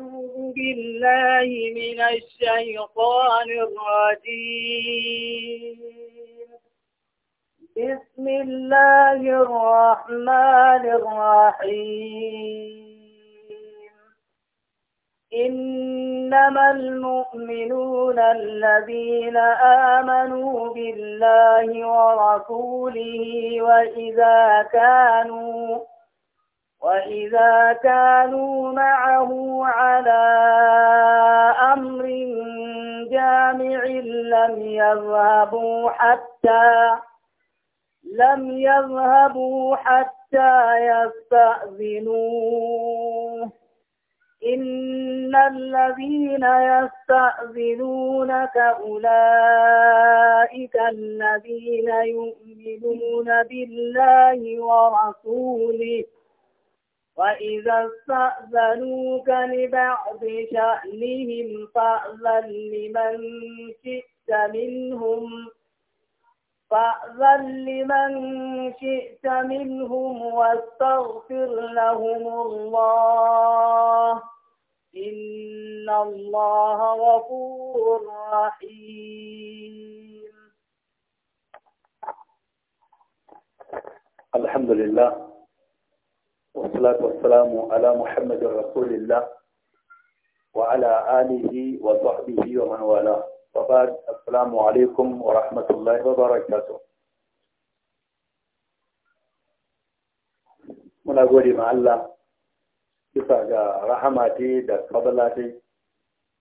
أعوذ بالله من الشيطان الرجيم بسم الله الرحمن الرحيم إنما المؤمنون الذين آمنوا بالله ورسوله وإذا كانوا وإذا كانوا معه على أمر جامع لم يذهبوا حتى لم يذهبوا حتى يستأذنوه إن الذين يستأذنونك أولئك الذين يؤمنون بالله ورسوله وإذا استأذنوك لبعض شأنهم فأذن لمن شئت منهم فأذن لمن شئت منهم واستغفر لهم الله إن الله غفور رحيم الحمد لله والصلاة والسلام على محمد رسول الله وعلى آله وصحبه ومن والاه وبعد السلام عليكم ورحمة الله وبركاته muna gode ma Allah bisa ga rahama dai da kabala da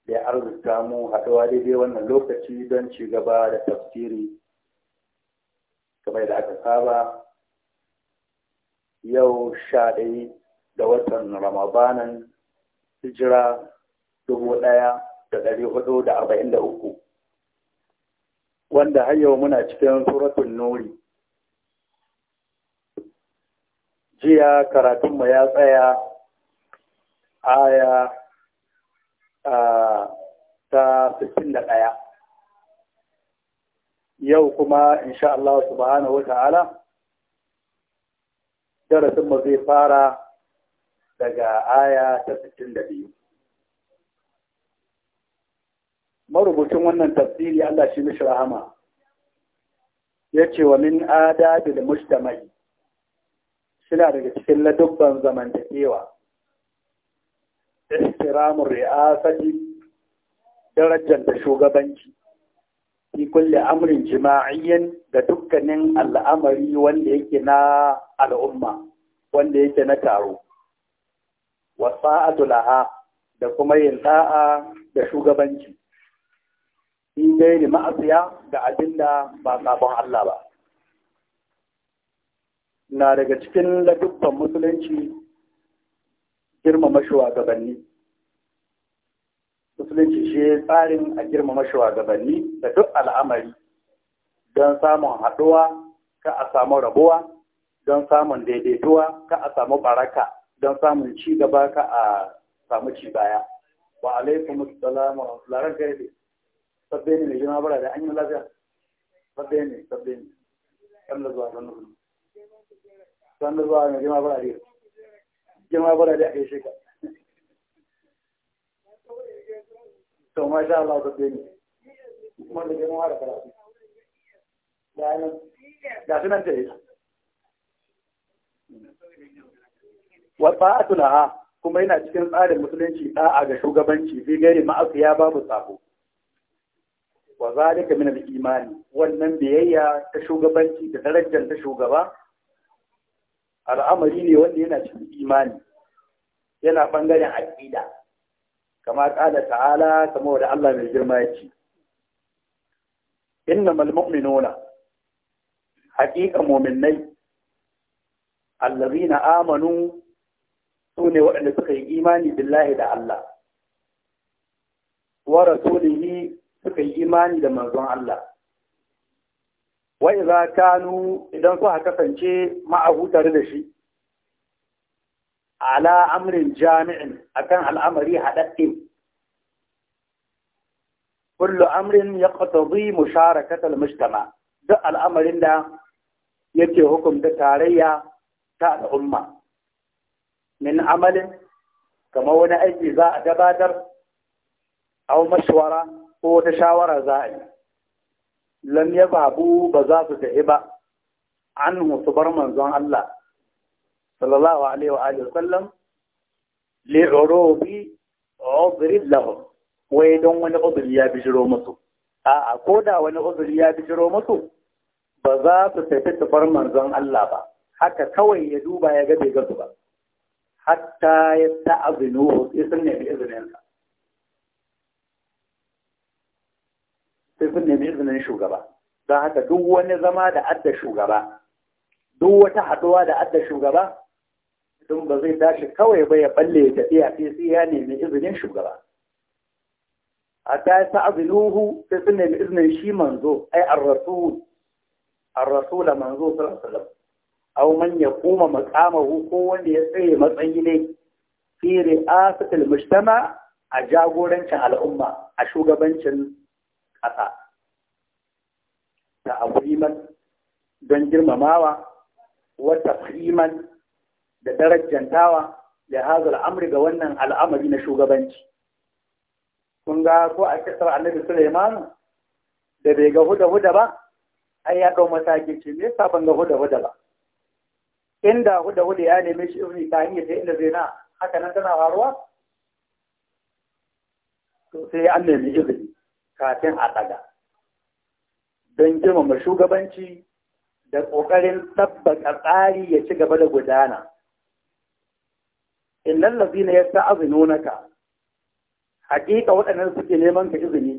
ya arzuta mu haɗuwa daidai wannan lokaci don ci gaba da tafsiri kamar da aka saba yau sha ɗaya da watan ramadanan hijira dubu ɗaya da ɗari hudu da arba'in da uku wanda har yau muna cikin suratun nuri jiya karatunmu ya tsaya aya ta sittin da ɗaya yau kuma insha Allah subhanahu wa ta'ala darasin mu zai fara daga aya ta 62 marubucin wannan tafsiri Allah shi mishi rahama ce wa min da mustama'i suna daga cikin ladubban zamantakewa ihtiramu ri'asati darajar da shugabanci fi kulle amrin jima'iyyan da dukkanin al'amari wanda yake na al'umma wanda yake na taro wasa a laha da kuma yin da'a da shugabanci Ni dai ne ma'asiya da abinda ba sabon Allah ba na daga cikin ladubban musulunci girmama shugabanni musulunci shi tsarin a girmama shugabanni da duk al'amari don samun haɗuwa ka a samu rabuwa don samun daidaituwa ka a samu baraka don samun ci gaba ka a samu ci baya wa alaikum assalam wa rahmatullahi gari sabbe ne mai jima bara da an yi lafiya sabbe ne sabbe ne kan da zuwa kan da zuwa kan da zuwa mai jima bara da jima bara da ake shekara to sha Allah ba ne kuma da girma da karatu da nan da sunan ta ita wa ta'atu laha kuma yana cikin tsarin musulunci da'a ga shugabanci fi gari ya babu sabo wa zalika min al-imani wannan biyayya ta shugabanci da darajar ta shugaba al'amari ne wanda yana cikin imani yana bangaren aqida kama ƙala ta'ala kama wadda Allah mai girma ya ce inna malmu'minuna haƙiƙa muminai allazina amanu su ne waɗanda suka yi imani billahi da Allah wa rasulihi suka yi imani da manzon Allah wa idza kanu idan suka kasance ma'ahu tare da shi على أمر جامع أكن الأمر حدث كل أمر يقتضي مشاركة المجتمع ده الأمر ده يتي حكم ده تارية تاع الأمة من عمل كما هو نأجي زاء دبادر أو مشورة هو تشاور زائل لم يذهبوا بزاسة هبة عنه صبر من زوان الله sallallahu alaihi wa alihi sallam. li urubi udri lahum wai don wani udri ya bijiro musu a'a ko da wani udri ya bijiro musu ba za su tafi far manzon Allah ba haka kawai ya duba ya ga bai su ba hatta ya ta'azinu sai sun nemi izinin sa sai sun nemi izinin shugaba don haka duk wani zama da adda shugaba duk wata haɗuwa da adda shugaba mutum ba zai tashi kawai ba ya balle ya tafiya sai sai ya nemi izinin shugaba A hatta ya sa'abinuhu sai sun nemi izinin shi manzo ai ar-rasul ar manzo sallallahu alaihi man ya man makama maqamahu ko wanda ya tsaye matsayi ne fi ri'asatil mujtama a jagorancin al'umma a shugabancin ƙasa da abu don girmamawa wata fiman da darajantawa da hazar amri ga wannan al'amari na shugabanci kun ga ko a kisar annabi suleiman da bai ga huda huda ba ai ya dau mataki ce me yasa ban ga huda huda ba inda huda huda ya neme shi irin ta hanyar da inda zai na haka nan tana faruwa to sai an nemi izini kafin a tsada. don girmama shugabanci da ƙoƙarin tabbata tsari ya ci gaba da gudana illal ladina yasta'zinunaka hakika waɗannan suke neman ka izini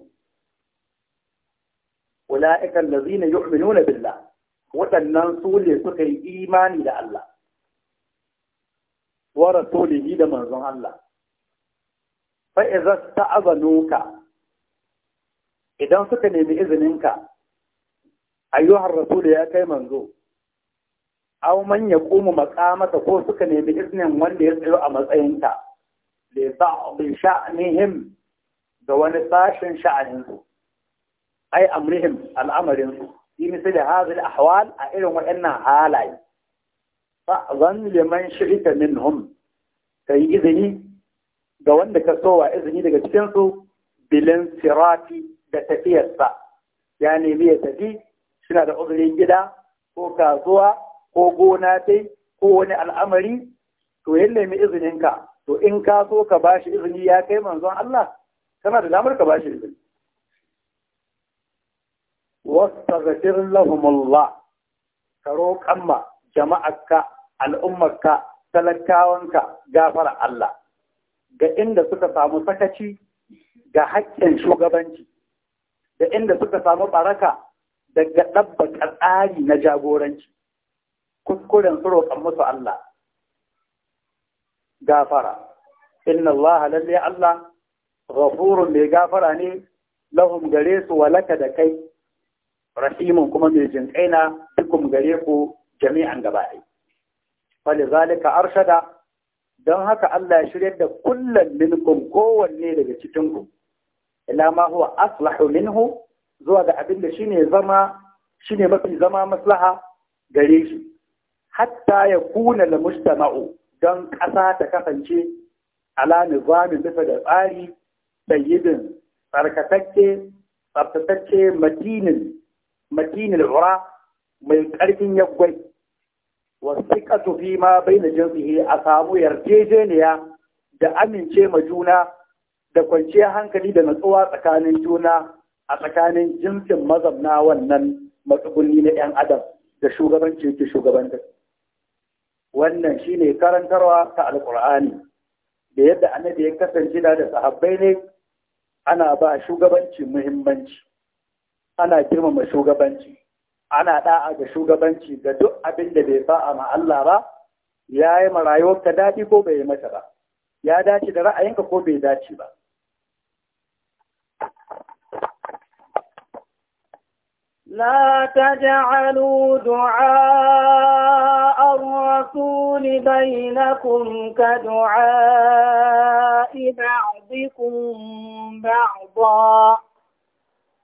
ula'ikan lazina yu'minuna billah waɗannan su ne suka yi imani da Allah wa rasulihi da manzon Allah fa ta ta'azanuka idan suka nemi izininka ayyuhar rasul ya kai manzo Au man kuma makamata ko suka nemi iznin wanda ya tsayo a matsayinta ya ba'dhi sha'anihim da wani sashin sha'aninsu? ai amrihim al'amarinsu yi misali da al-ahwal a irin waɗannan halaye fa zan liman shirika Ka yi izini ga wanda ka sowa izini daga cikinsu? su bilin sirati da tafiyarsa ya nemi ya tafi suna da uzurin gida ko kasuwa ko gona tai ko wani al'amari to ya nemi izinin ka to in ka so ka ba shi izini ya kai manzon Allah kana da damar ka ba shi izini wastaghfir lahum Allah ka roƙan ma jama'arka al'ummarka talakawanka gafara Allah ga inda suka samu sakaci ga haƙƙin shugabanci da inda suka samu baraka daga ɗabba tsari na jagoranci kuskuren su roƙon musu Allah gafara inna Allah lalle Allah ghafurun mai gafara ne lahum gare su walaka da kai rahimun kuma mai kaina dukum gare ku jami'an gaba ɗaya fali zalika arshada don haka Allah ya shirya da kullum minkum kowanne daga cikinku. Ina ila ma huwa aslahu minhu zuwa ga abin da shine zama shine mafi zama maslaha gare shi hatta ya kuna da mustama'u don ƙasa ta kasance ala nizamin bisa da tsari sayyidin tsarkakakke tsaftatacce matinin matinin ura mai ƙarfin yaggwai wasu fi ma bai na jinsihi a samu yarjejeniya da amince ma juna da kwanciyar hankali da natsuwa tsakanin juna a tsakanin jinsin mazabna wannan matsugunni na 'yan adam da shugabanci yake shugabantar. wannan shine karantarwa ta alkur'ani da yadda annabi ya kasance da da sahabbai ne ana ba shugabanci muhimmanci ana girmama shugabanci ana da'a ga shugabanci ga duk abin da bai fa'a ma Allah ba ya yi ma rayuwarka daɗi ko bai yi mata ba ya dace da ra'ayinka ko bai dace ba لا تجعلوا دعاء الرسول بينكم كدعاء بعضكم بعضا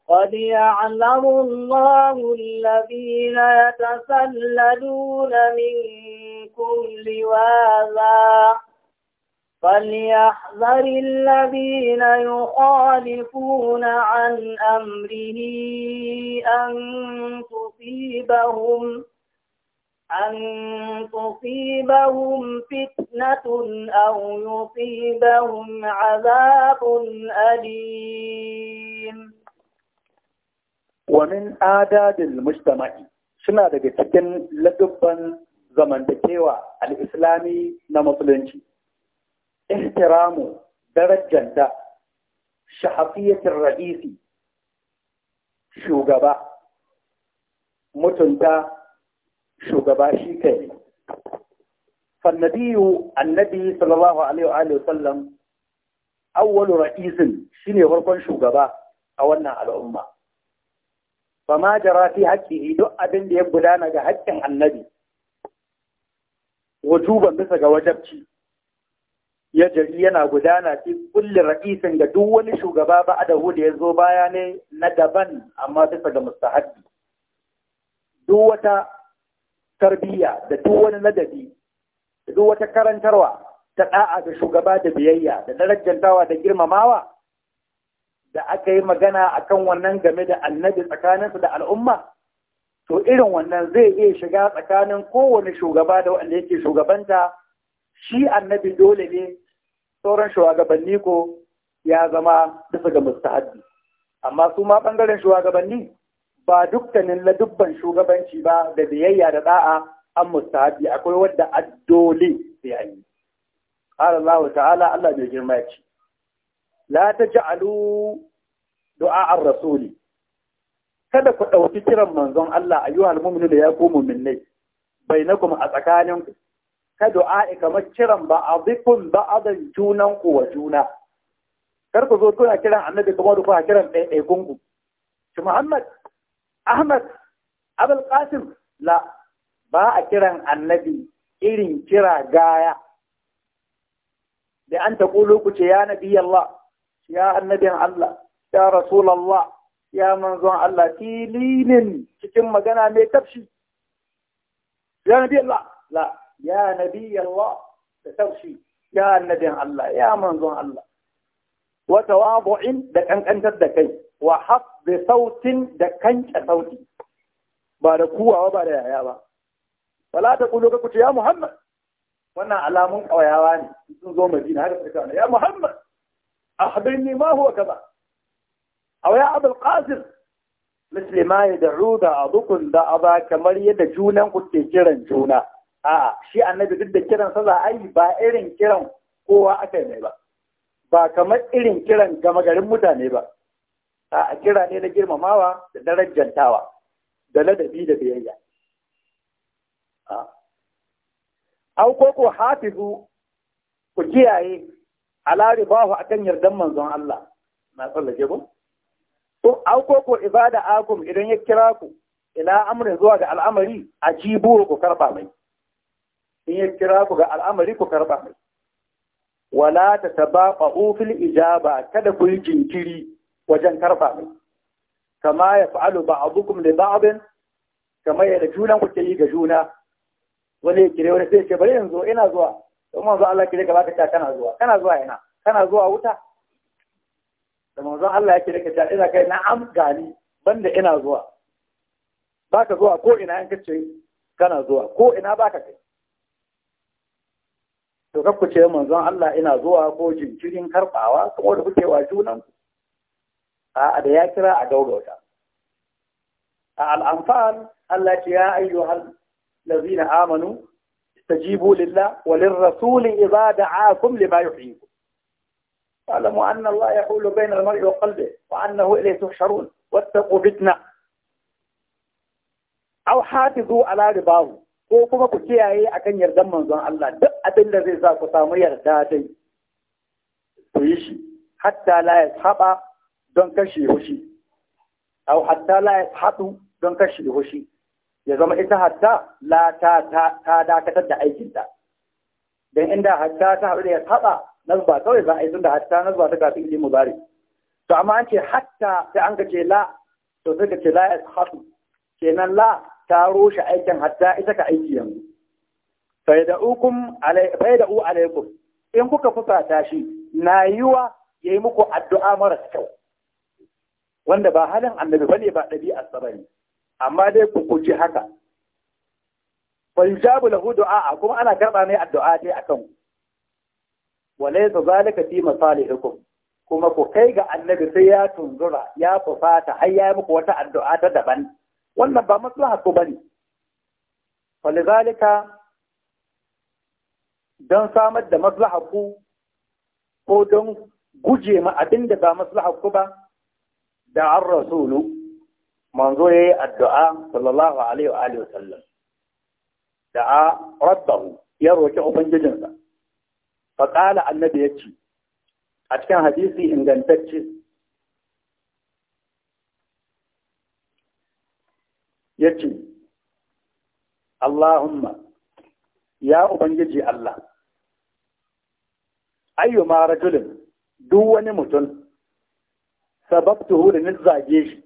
قد يعلم الله الذين يتسللون منكم لواذا فليحذر الذين يخالفون عن أمره أن تصيبهم أن تصيبهم فتنة أو يصيبهم عذاب أليم ومن آداب المجتمع suna daga cikin ladubban zamantakewa al'islami na musulunci ihtiramu darajanta shahafiyatin ra'isi shugaba mutunta shugaba shi kai fannabiyu annabi sallallahu alaihi wa sallam awwalu ra'isin shine farkon shugaba a wannan al'umma fama jara fi haqqihi duk abin da ya gudana ga haƙƙin annabi wujuban bisa ga wajabci ya jari yana gudana fi kulli ra'isin ga duk wani shugaba ba da da ya zo baya ne na daban amma bisa ga mustahabbi duk wata tarbiyya da duk wani ladabi da duk wata karantarwa ta da'a da shugaba da biyayya da darajantawa da girmamawa da aka yi magana a kan wannan game da annabi tsakaninsu da al'umma to irin wannan zai iya shiga tsakanin kowane shugaba da wanda yake shugabanta shi annabi dole ne sauran shugabanni ko ya zama bisa ga mustahabbi amma su ma bangaren shugabanni ba dukkanin ladubban shugabanci ba da biyayya da da'a an mustahabbi akwai wadda addole sai a yi qala Allah ta'ala Allah bai girma ci la taj'alu du'a ar-rasuli kada ku ɗauki kiran manzon Allah ayyuhal mu'minu da ya ku mu'minnai bainakum a tsakaninku ka du'a kamar kiran ba a zikun ba junan ku wa juna kar ku zo kuna kiran annabi kamar kuna kiran ɗaiɗai ku shi Muhammad Ahmad Abul Qasim la ba a kiran annabi irin kira gaya da an taƙulu ku ce ya nabi Allah ya annabin Allah ya allah ya manzon Allah filinin cikin magana mai tafshi ya nabi Allah la ya nabi Allah da taushi ya annabin Allah ya manzon Allah wa tawadu'in da kankantar da kai wa hasbi sautin da kanke sauti ba da kuwawa ba da yaya ba wala ta kulo ka kuce ya Muhammad wannan alamun kawayawa ne sun zo Madina har suka ya Muhammad akhbirni ma huwa kaza aw ya Abul Qasim misli ma yad'u da abukun da aba kamar yadda junan ku kiran juna a'a shi annabi duk da kiran sa za a yi ba irin kiran kowa aka yi mai ba ba kamar irin kiran gama garin mutane ba a kira ne na girmamawa da darajantawa da ladabi da biyayya an ko ko hafizu ku kiyaye ala ribahu akan yardan manzon Allah na tsallake ku? to an ko ko ibada akum idan ya kira ku ina amrin zuwa ga al'amari a ajibu ku karba mai in ya kira ku ga al'amari ku karɓa wala ta taba fil ijaba kada ku yi jinkiri wajen karɓa mai kama ya fa'alu da ba abin, kama ya da junan ku ke yi ga juna wani ya kire wani sai ce bari yanzu ina zuwa don manzo Allah kire gaba ka ta kana zuwa kana zuwa ina kana zuwa wuta da manzo Allah ya kire ka ta ina kai am gani banda ina zuwa baka zuwa ko ina in ce kana zuwa ko ina baka kai to kar ku ce manzon Allah ina zuwa ko jinkirin karbawa ko da kuke wa junan a da ya kira a gaugauta a al'amfal Allah ce ya ayyuhal lazina amanu استجيبوا لله وللرسول إذا دعاكم لما يحييكم اعلموا أن الله يحول بين المرء وقلبه وأنه إليه تحشرون واتقوا فتنة أو حافظوا على رضاه ko kuma ku kiyaye a kan yardan manzon Allah duk abin da zai sa ku samu yarda dai ku yi shi hatta la haɓa don kashe hushi au hatta la haɗu don kashe hushi ya zama ita hatta la ta ta dakatar da aikinta dan inda hatta ta haɗu da haɓa, nazba kawai za a yi tunda hatta nazba ta kafin ilimin mubari to amma an ce hatta sai an ga ce la to sai ka ce la yashatu kenan la ta rushe aikin hatta ita ka aiki yanzu faida'u alaikum in kuka fusata shi na yiwa yi muku addu'a mara kyau wanda ba halin annabi bane ba ɗabi'a sa amma dai ku kuji haka fa yujabu lahu du'a kuma ana karba ni addu'a dai akan ku walaysa zalika fi masalihikum kuma ku kai ga annabi sai ya tunzura ya fufata har ya yi muku wata addu'a ta daban wannan ba maslaha ko bane falizalika don samar da maslaha ku ko don guje ma abin da ba maslaha ku ba da an rasulu manzo yayi addu'a sallallahu alaihi wa alihi wasallam da'a rabbahu ya roki ubangijinsa fa qala annabi yace a cikin hadisi ingantacce yace Allahumma ya ubangiji Allah ayyuma rajulin duk wani mutum sababtuhu da zage shi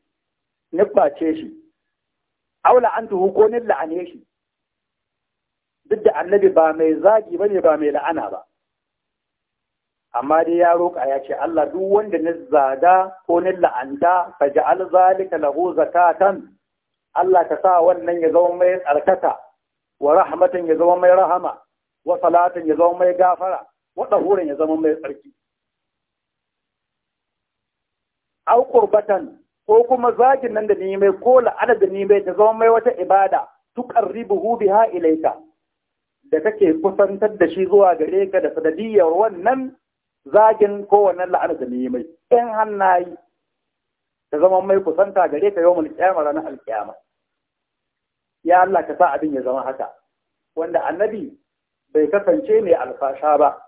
ni ɓace shi aula an tuhu ko la'ane shi duk da annabi ba mai zagi ne ba mai la'ana ba amma dai ya roƙa ya ce Allah duk wanda ni zada ko ni la'anta ka ji alzalika lahu zakatan Allah ka sa wannan ya zama mai tsarkaka wa rahmatan ya zama mai rahama wa salatin ya zama mai gafara wa ɗahurin ya zama mai tsarki au ƙurbatan ko kuma zagin nan da ni mai ko la'ada da ni mai ta zama mai wata ibada tuqarribuhu ha ilayka da kake kusantar da shi zuwa gare ka da sadadiyar wannan zagin ko wannan la'ada da ni mai in hannayi ta zama mai kusanta gare ka yawmul qiyamah ranar alkiyama ya Allah ka sa abin ya zama haka wanda annabi bai kasance mai alfasha ba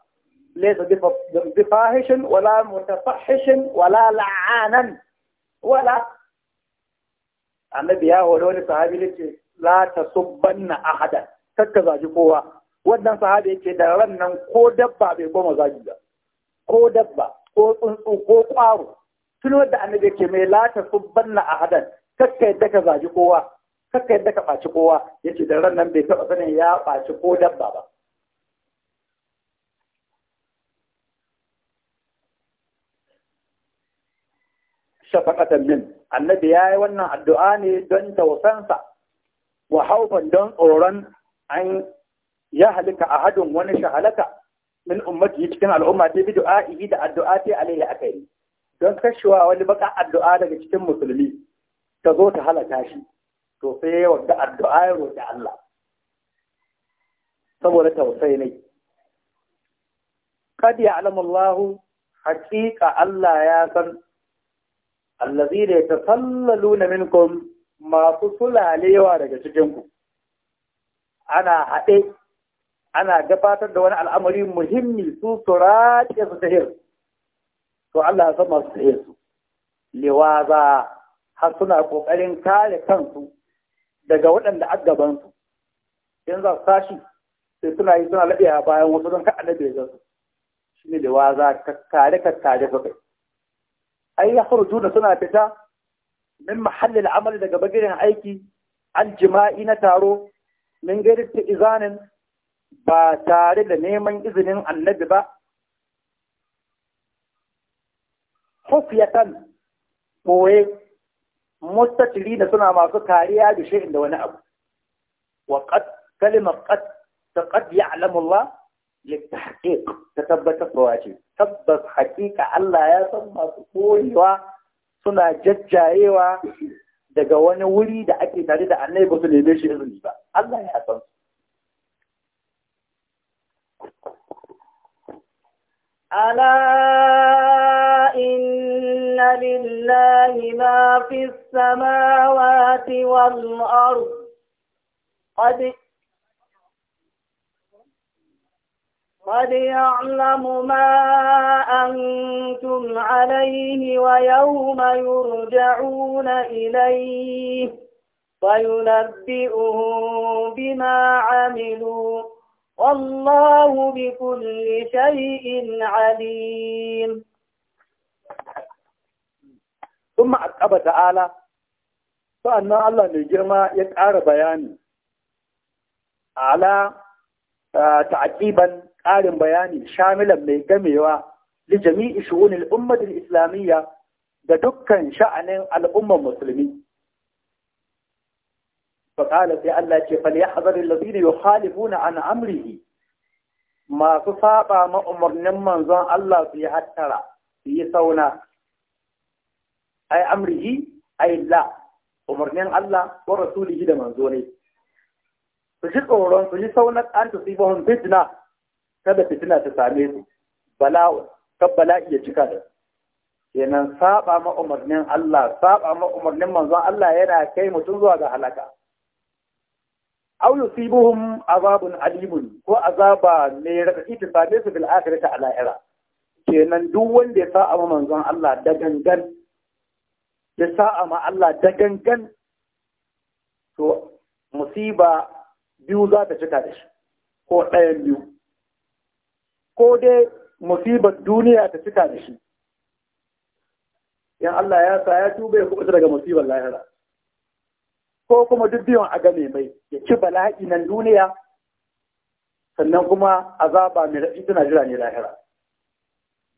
laysa bi fahishin wala mutafahishin wala la'anan wala annabi ya hore wani sahabi da ce la ta subbanna ahadan kakka zaji kowa wannan sahabi yake da ran nan ko dabba bai goma zaji ba ko dabba ko tsuntsu ko ƙwaro tun wadda annabi yake mai lata a hadan, kakka yadda ka zaji kowa kakka yadda ka ɓaci kowa yace da ran nan bai taɓa sanin ya ɓaci ko dabba ba shafaqatan min annabi yayi wannan addu'a ne don tausansa wa haufan don tsoron an ya halika ahadun wani shahalaka min ummati cikin al'umma ta bi du'a'i da addu'a ta alaihi akai don kashewa wani baka addu'a daga cikin musulmi ta zo ta halaka shi to sai ya wanda addu'a ya roƙi Allah saboda tausayi ne kad ya'lamu haƙiƙa Allah ya san allazina yatasallaluna minkum masu sulalewa daga cikin ku ana haɗe ana gabatar da wani al'amari muhimmi su suraɗe su to Allah ya san masu tsaye su liwaza har suna kokarin kare kansu daga waɗanda a gabansu in za su tashi sai suna yi suna laɓe bayan wasu don ka alabe za su shi ne kare ka kare su kai ai ya furu suna fita min mahallin amali daga bagirin aiki an jima'i na taro min ta izanin ba tare da neman izinin annabi ba خفيه مو مستتلين سنه ما في كاريه بشيء ده وانا ابو وقد كلمه قد فقد يعلم الله للتحقيق تثبت فواجه تثبت حقيقة الله يا سمى سكوي سنة ججاية دقوان ولي دا أكي تاري دا أني بسني بيش إذن با الله يا سمى ألا إن لله ما في السماوات والأرض قد قد يعلم ما أنتم عليه ويوم يرجعون إليه وينبئهم بما عملوا والله بكل شيء عليم ثم أقب تعالى فأن الله نجرما يقار بياني على تعقيبا قار بياني شاملا ميقميوا لجميع شؤون الأمة الإسلامية دكا شأن الأمة المسلمين فقال في الله فليحذر الذين يخالفون عن أمره ما تصاب ما أمرنا من ظن الله في حتى في سونا ay amrihi ay la umarnin Allah wa rasulihi da manzo ne su ji tsoron su ji saunar an hun fitna kada fitina ta same su bala'u kan bala'i ya cika da kenan saba ma umarnin Allah saba ma umarnin manzo Allah yana kai mutum zuwa ga halaka aw yusibuhum azabun alimun ko azaba ne radadi ta same su bil akhirati ala ira kenan duk wanda ya sa'a ma manzon Allah da gangan ya sa'a ma Allah ta gangan to musiba biyu za ta cika da shi ko ɗayan biyu ko dai musibar duniya ta cika da shi yan Allah ya sa ya tuba ya kuɓuta daga musibar lahira ko kuma duk biyun a game mai ya ci bala'i nan duniya sannan kuma azaba mai rafi tana jira ne lahira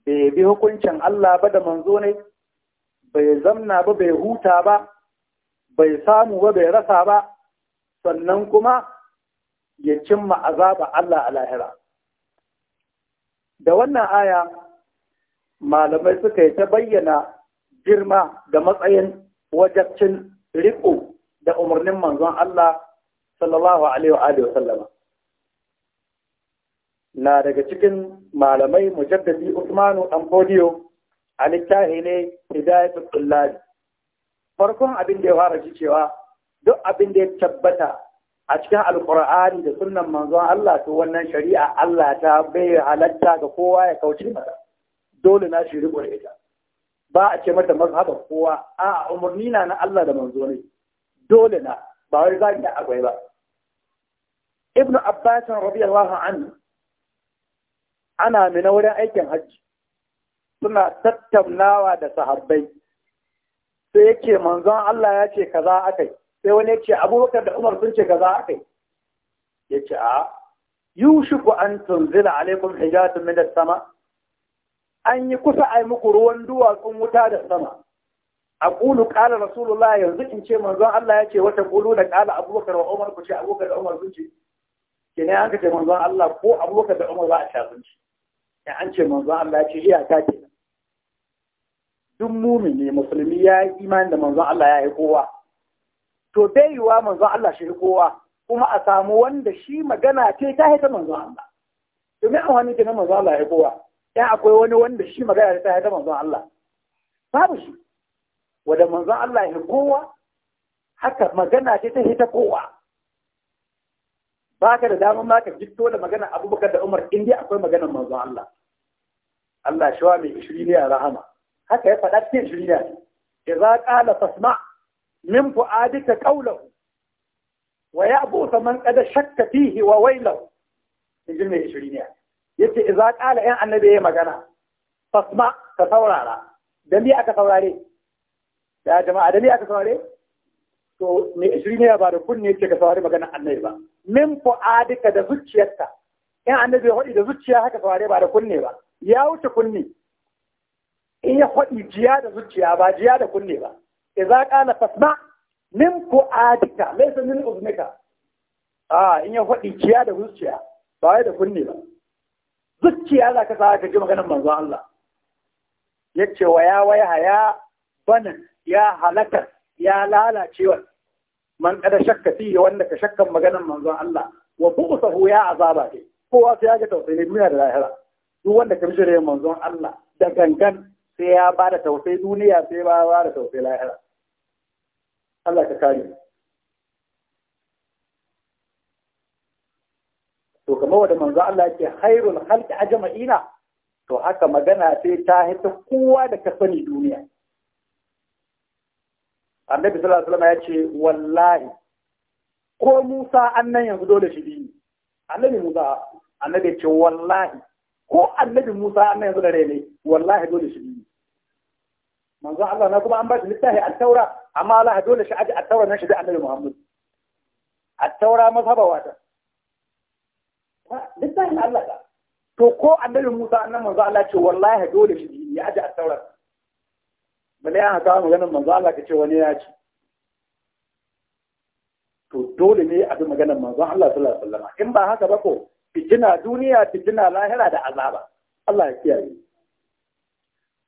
bai bi hukuncin Allah ba da manzo ne bai zamna ba bai huta ba bai samu ba bai rasa ba sannan kuma ya cimma azaba Allah a lahira da wannan aya malamai suka yi ta bayyana girma da matsayin wajabcin riko da umarnin manzon Allah sallallahu alaihi wa sallama na daga cikin malamai mujaddadi Usmanu Amfodiyo. a littafi ne hidayatul tullabi farkon abin da ya fara shi cewa duk abin da ya tabbata a cikin alkur'ani da sunnan manzon Allah to wannan shari'a Allah ta bai halatta ga kowa ya kauce mata dole na shi riko ita ba a ce mata mazhabar kowa a umarni na na Allah da manzo ne dole na ba wai zaki akwai ba ibnu abbas radiyallahu anhu ana mina wurin aikin hajji suna tattaunawa da sahabbai sai yake manzon Allah ya ce kaza akai sai wani ya ce abubakar da umar sun ce kaza akai ya ce a yushiku an tunzila alaikum hijatun min sama an yi kusa ai muku ruwan duwatsun wuta da sama aqulu qala rasulullah yanzu in ce manzon Allah ya ce wata qulu da qala abubakar wa umar ku ce abubakar da umar sun ce kenan an ce manzon Allah ko abubakar da umar ba a sha sun ce an ce manzon Allah ya ce iyaka kenan duk mumini musulmi ya yi imani da manzon Allah ya yi kowa to bai yiwa manzon Allah shi kowa kuma a samu wanda shi magana ce ta haita manzon Allah domin a wani kenan manzon Allah ya yi kowa Ya akwai wani wanda shi magana ta haita manzon Allah babu shi wanda manzon Allah ya yi kowa haka magana ce ta haita kowa Ba ka da damar ma ka jikto da magana Abubakar da Umar in dai akwai maganar manzon Allah Allah shawa mai ishiri ne a rahama haka ya faɗa cikin juriya idza qala fasma min fu'adika qawlahu wa ya'busa man qad shakka fihi wa wailahu inji mai juriya yace idza qala in annabi ya magana fasma ka saurara dan bi aka saurare ya jama'a dan bi aka saurare to mai juriya ba da kunne yake ka saurare magana annabi ba min fu'adika da zuciyarka in annabi ya faɗi da zuciya haka saurare ba da kunne ba ya wuce kunne in ya faɗi jiya da zuciya ba jiya da kunne ba idza qala fasma min adika laysa min uznika a in ya faɗi jiya da zuciya ba da kunne ba zuciya za ka sa ji maganar manzo Allah yace ya waya ya bana ya halaka ya lalacewa man kada shakka fi wanda ka shakkan maganar manzo Allah wa bu'sahu ya azaba Ko kowa sai ya ga tausayi duniya da lahira duk wanda ka bijire manzon Allah da gangan sai ya ba da tausayi duniya sai ba ba da tausai lahira Allah ka kare to kamar wanda manzo Allah yake khairul a jama'ina to haka magana sai ta hita kowa da ka sani duniya Annabi sallallahu alaihi wasallam ya ce wallahi ko Musa annan yanzu dole shi bi Annabi Musa annabi ce wallahi ko Annabi Musa annan yanzu da rai ne wallahi dole shi ne. manzo Allah na kuma an ba shi littafi at-taura amma Allah dole shi aji at-taura nan shi da annabi Muhammad at-taura mazhaba wata littafin Allah ka to ko annabi Musa annan manzo Allah ce wallahi dole shi ya aji at-taura bale ya haka ganin manzo Allah ka ce wani ya ci to dole ne a bi maganar manzo Allah sallallahu alaihi wasallam in ba haka ba ko fitina duniya fitina lahira da azaba Allah ya kiyaye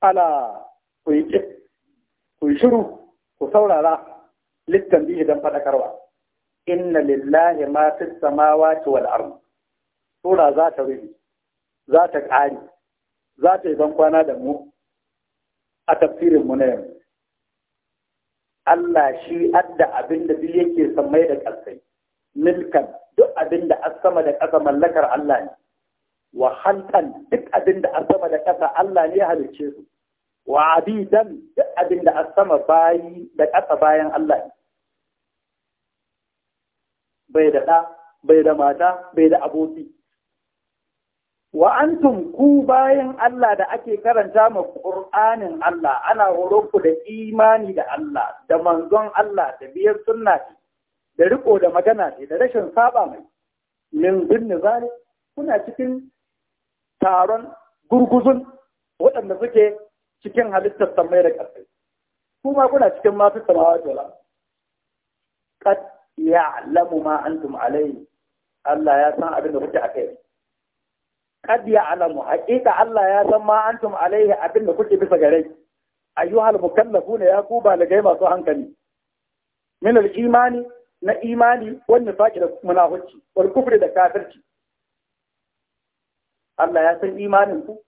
ala ku yi shiru ku saurara littan biyu don faɗakarwa inna lillahi ma fi samawati wal ardh sura za ta rubi za ta ƙari za ta yi kwana da mu a tafsirin mu na yanzu Allah shi adda abin da duk yake sammai da ƙasai milkan duk abin da an sama da ƙasa mallakar Allah ne wa duk abin da an sama da ƙasa Allah ne ya halicce su wa abidan duk abin da a sama bayi da ƙasa bayan Allah bai da ɗa bai da mata bai da aboki wa antum ku bayan Allah da ake karanta ma ƙur'anin Allah ana horo ku da imani da Allah da manzon Allah da biyar sunna da riko da magana ce da rashin saba mai min binni zane kuna cikin taron gurguzun waɗanda suke cikin halittar samai da ƙarfi kuma kuna cikin masu samawa jira kad alamu ma an tum alai Allah ya san abin da kuke akai kad alamu haƙiƙa Allah ya san ma an tum alai abin da kuke bisa gare ayyuhal ne ya da gai masu hankali min al-imani na imani wannan faki da munafici wal kufri da kafirci Allah ya san imanin ku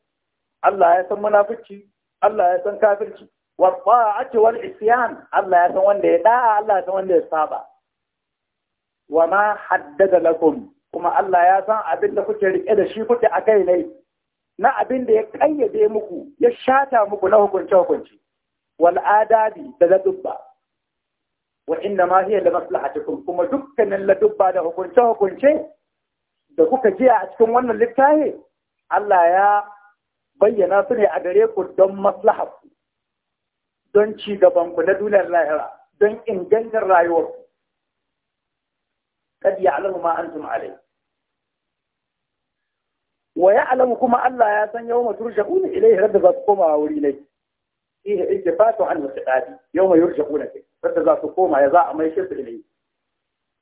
Allah ya san munafici Allah ya san kafirci wa ta'ati wal isyan Allah ya san wanda ya da'a Allah ya san wanda ya saba wa ma haddada lakum kuma Allah ya san abin da kuke rike da shi kuke akai ne na abin da ya kayyade muku ya shata muku na hukunce hukunci wal adabi da ladubba wa inna ma hiya li maslahatikum kuma dukkanin ladubba da hukunce hukunce da kuka jiya a cikin wannan littafi Allah ya bayyana su ne a gare ku don maslahar don ci gaban ku na duniyar lahira don ingantar rayuwar ku kad alamu ma antum alai wa alamu kuma Allah ya san yawma ilai har da za su koma wuri ne fihi ijtifatu an mutaqadi yawma yurja'una Har da za su koma ya za a mai su ilai?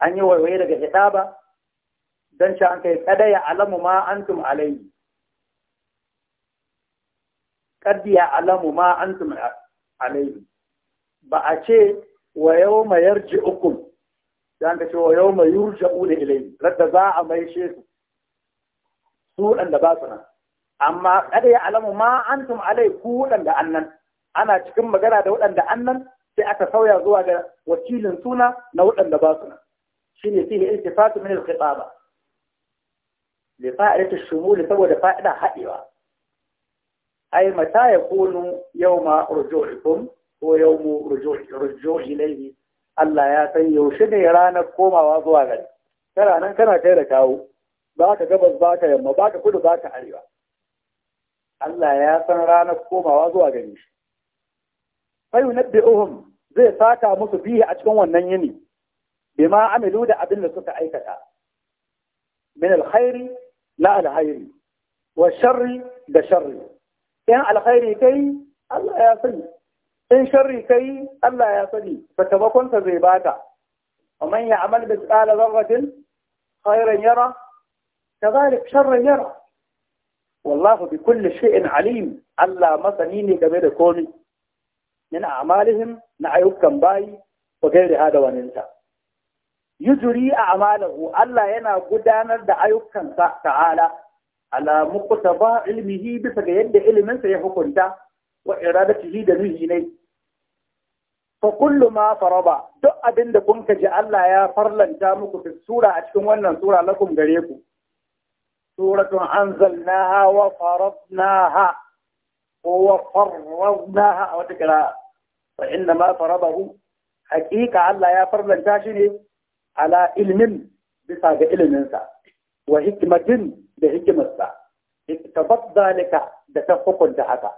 an yi waiwaye daga hitaba dan sha an kai kada ya'lamu ma antum alai qad ya'lamu ma antum alayhi ba a ce wa yawma yarji'ukum dan ka ce wa yawma yurja'una ilayhi radda za a maishe su su dan da ba su nan amma qad ya'lamu ma antum alayhi ku dan da annan ana cikin magana da waɗanda annan sai aka sauya zuwa ga wakilin suna na wadanda ba su nan shine fihi iltifatu min al-khitaba li fa'idatu shumul saboda fa'ida haɗewa ai mata ya kunu yawma ruju'ikum ko yawmu ruju'i ilayhi Allah ya san yaushe ne ranar komawa zuwa gari kana nan kana kai da tawo. ba ka gabas ba ka yamma ba ka kudu ba ka arewa Allah ya san ranar komawa zuwa gari shi fa yunabbi'uhum zai saka musu bihi a cikin wannan yini bima amilu da abin da suka aikata min alkhairi la alkhairi wa sharri da sharri in alkhairi kai Allah ya sani in sharri kai Allah ya sani sakamakon zai baka amma ya amal da tsala zarratin khairan sharran yara wallahu bi kulli shay'in alim Allah masani ne game da komai min a'malihim na ayyukan bayi wa gairi hada a yujri a'malahu Allah yana gudanar da ayyukansa ta'ala ta ala muqtaba ilmihi bisa ga yadda iliminsa ya hukunta wa iradatihi da nuhi ne fa kullu ma faraba duk abin da kun kaji Allah ya farlanta muku fi sura a cikin wannan sura lakum gare ku suratun anzalnaha wa faradnaha wa faradnaha a wata kira fa inna ma farabahu haƙiƙa Allah ya farlanta shi ne ala ilmin bisa ga iliminsa wa hikmatin da hikimarsa tabbat zalika da ta hukunta haka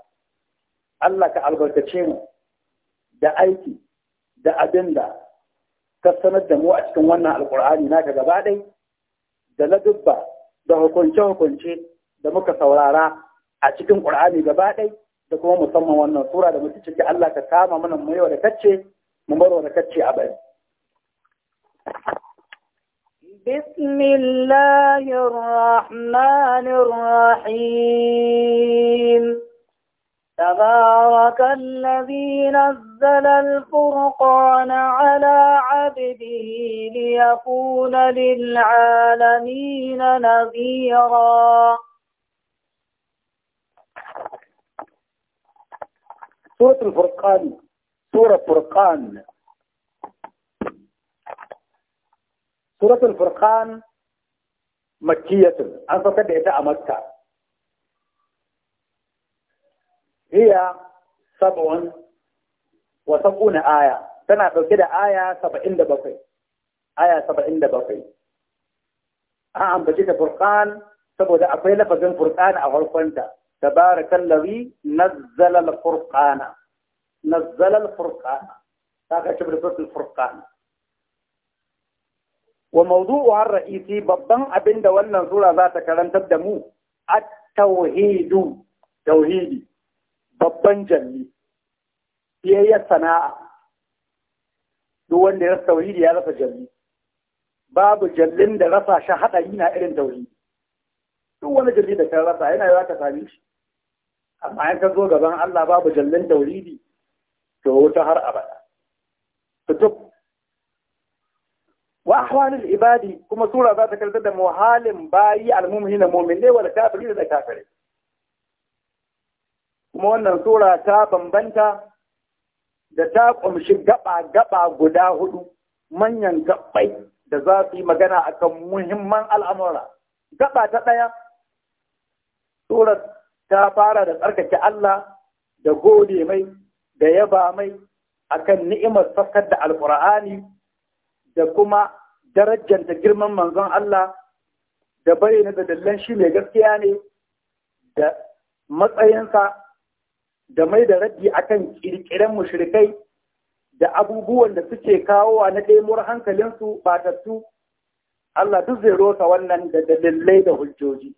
Allah ka albarkace mu da aiki da abin da ka sanar da mu a cikin wannan alkur'ani naka gaba ɗai da ladubba da hukunce-hukunce da muka saurara a cikin ƙur'ani gaba ɗai da kuma musamman wannan sura da mutu ciki Allah ka kama mana mu yau da kacce mu baro da kacce a bai بسم الله الرحمن الرحيم تبارك الذي نزل الفرقان على عبده ليكون للعالمين نذيرا سورة الفرقان سورة فرقان سورة الفرقان مكية أنفقد إتاء مكة هي سبع وسبعون آية سنة كده آية سبع إند بقي آية سبع إند بقي أعم بجيت فرقان سبع ذا أقيل فرقان أهل فنتا تبارك الذي نزل الفرقان نزل الفرقان هذا شبه الفرقان. wa mawdu'u har ra'isi babban abinda wannan sura za ta karantar da mu at-tauhidu tauhidi babban jalli ya sana'a duk wanda ya rasa tauhidi ya rasa jalli babu jallin da rasa shi haɗari na irin tauhidi duk wani jalli da kan rasa yana yawa ka sami shi amma in ka zo gaban Allah babu jallin tauhidi to wuta har abada to duk wa ahwalul ibadi kuma sura za ta karantar da muhalin halin bayi almu'minina mu'minai wa kafiri da kafiri kuma wannan sura ta bambanta da ta kumshi gaba-gaba guda hudu manyan gabbai da za su yi magana akan muhimman al'amura. Gaba ta ɗaya, sura ta fara da tsarkake Allah da gode mai da yaba mai akan ni'imar sakar da alkur'ani da kuma darajar da girman manzon Allah da bayyana da dallan shi mai gaskiya ne da matsayinsa da mai da raddi akan kirkiren mushrikai da abubuwan da suke kawo kawowa na hankalin hankalinsu batattu Allah duk zai rosa wannan da dalilai da hujjoji.